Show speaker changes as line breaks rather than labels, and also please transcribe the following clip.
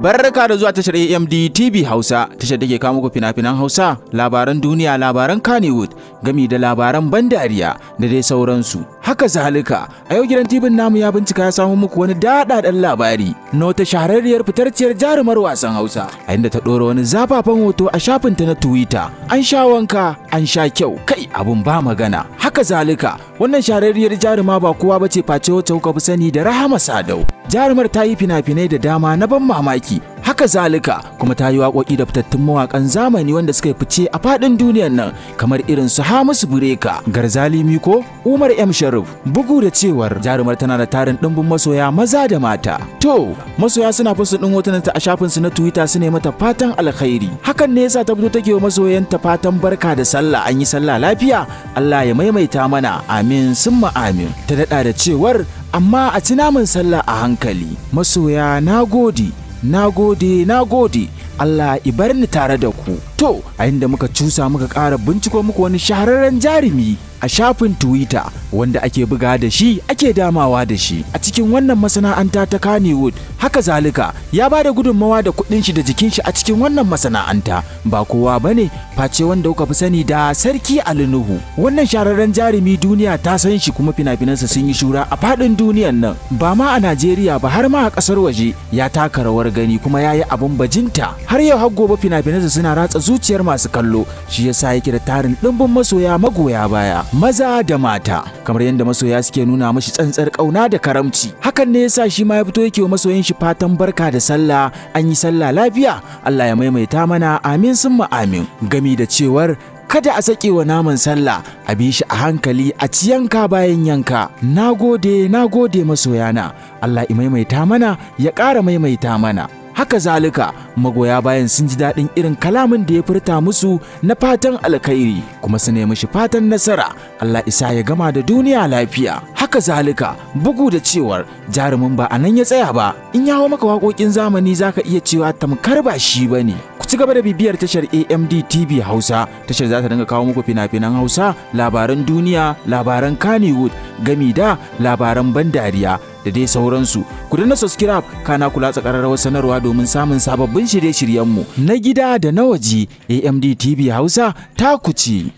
Barka da zuwa tashar AMD TV Hausa, tashar da ke kawo muku fina-finan Hausa, labaran duniya, labaran Kannywood, gami da labaran ban dariya da dai sauransu. haka zalika a yau gidan tibin namu ya bincika ya samu muku wani daɗaɗɗen labari na wata shahararriyar fitarciyar jarumar wasan hausa a inda ta ɗora wani zafafan hoto a shafin ta na twitter an sha wanka an sha kyau kai abun ba magana haka zalika wannan shahararriyar jaruma ba kowa bace face wacce kuka fi sani da rahama sadau jarumar ta yi fina-finai da dama na ban mamaki haka zalika kuma ta yi waƙoƙi da fitattun mawakan zamani wanda suka fice a faɗin duniyar nan kamar irin su Hamisu Bureka, Garzali Miko, Umar M Sharif. Bugu da cewar jarumar tana da tarin ɗimbin masoya maza da mata. To, masoya suna fusu ɗin hotunanta a shafin su na Twitter su ne mata fatan alkhairi. Hakan ne yasa ta fito take wa masoyanta fatan barka da sallah an yi sallah lafiya. Allah ya maimaita mana amin summa amin. Ta daɗa da cewar amma a ci namun sallah a hankali. Masoya na gode. na gode na gode allah ibar ni tare da ku To, a inda muka cusa muka ƙara binciko muku wani shahararren jarumi a shafin Twitter wanda ake buga da shi ake damawa da shi a cikin wannan masana'anta ta Kannywood. Haka zalika ya ba da gudunmawa da kuɗin shi da jikin shi a cikin wannan masana'anta ba kowa ba ne face wanda kuka fi sani da Sarki Alinuhu. Wannan shahararren jarumi duniya ta san shi kuma fina-finansa sun yi shura a faɗin duniyan nan ba ma a Najeriya ba har ma a ƙasar waje ya taka rawar gani kuma ya yi abin bajinta har yau har gobe fina-finansa suna ratsa zuciyar masu kallo shi ya sa yake da tarin ɗimbin masoya magoya baya maza da mata kamar yadda masoya suke nuna mashi tsantsar ƙauna da karamci hakan ne yasa shi ma ya fito yake wa masoyin shi fatan barka da sallah an yi sallah lafiya Allah ya maimaita mana amin summa amin gami da cewar kada a sake wa naman sallah a bi shi a hankali a ci yanka bayan yanka nagode nagode masoyana Allah ya maimaita mana ya kara maimaita mana haka zalika magoya bayan sun ji daɗin irin kalamin da ya furta musu na fatan alkhairi kuma su nemi shi fatan nasara Allah isa ya gama da duniya lafiya haka zalika bugu da cewar jarumin ba a nan ya tsaya ba in yawo maka waƙoƙin zamani zaka iya cewa tamkar ba shi bane ci gaba da bibiyar tashar AMD TV Hausa. Tashar za ta dinga kawo muku fina-finan Hausa, labaran duniya, labaran Kannywood, gami da labaran ban dariya da dai sauransu. Ku danna subscribe kana kula tsakararrawar sanarwa domin samun sababbin shirye-shiryenmu na gida da na waje. AMD TV Hausa ta ku kuci.